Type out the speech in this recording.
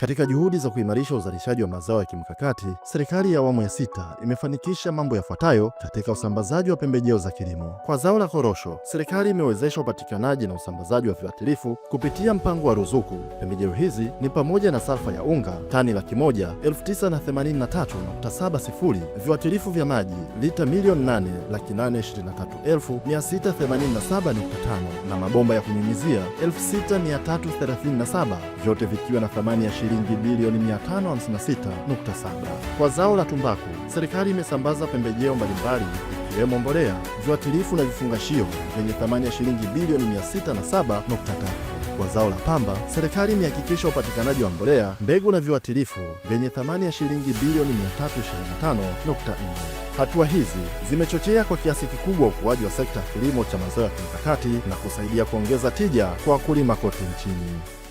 Katika juhudi za kuimarisha uzalishaji wa mazao ya kimkakati, serikali ya awamu ya sita imefanikisha mambo yafuatayo katika usambazaji wa pembejeo za kilimo. Kwa zao la korosho, serikali imewezesha upatikanaji na usambazaji wa viuatilifu kupitia mpango wa ruzuku. Pembejeo hizi ni pamoja na salfa ya unga tani laki moja sifuri, viuatilifu vya maji lita milioni nane laki 823,687.5 na mabomba ya kunyunyizia 6,337, vyote vikiwa na thamani ya shilingi bilioni 556.7. Kwa zao la tumbaku, serikali imesambaza pembejeo mbalimbali ikiwemo mbolea, viwatilifu na vifungashio vyenye thamani ya shilingi bilioni 607.3. Kwa zao la pamba, serikali imehakikisha upatikanaji wa mbolea, mbegu na viwatilifu vyenye thamani ya shilingi bilioni 325.4. Hatua hizi zimechochea kwa kiasi kikubwa ukuaji wa sekta ya kilimo cha mazao ya kimkakati na kusaidia kuongeza tija kwa wakulima kote nchini.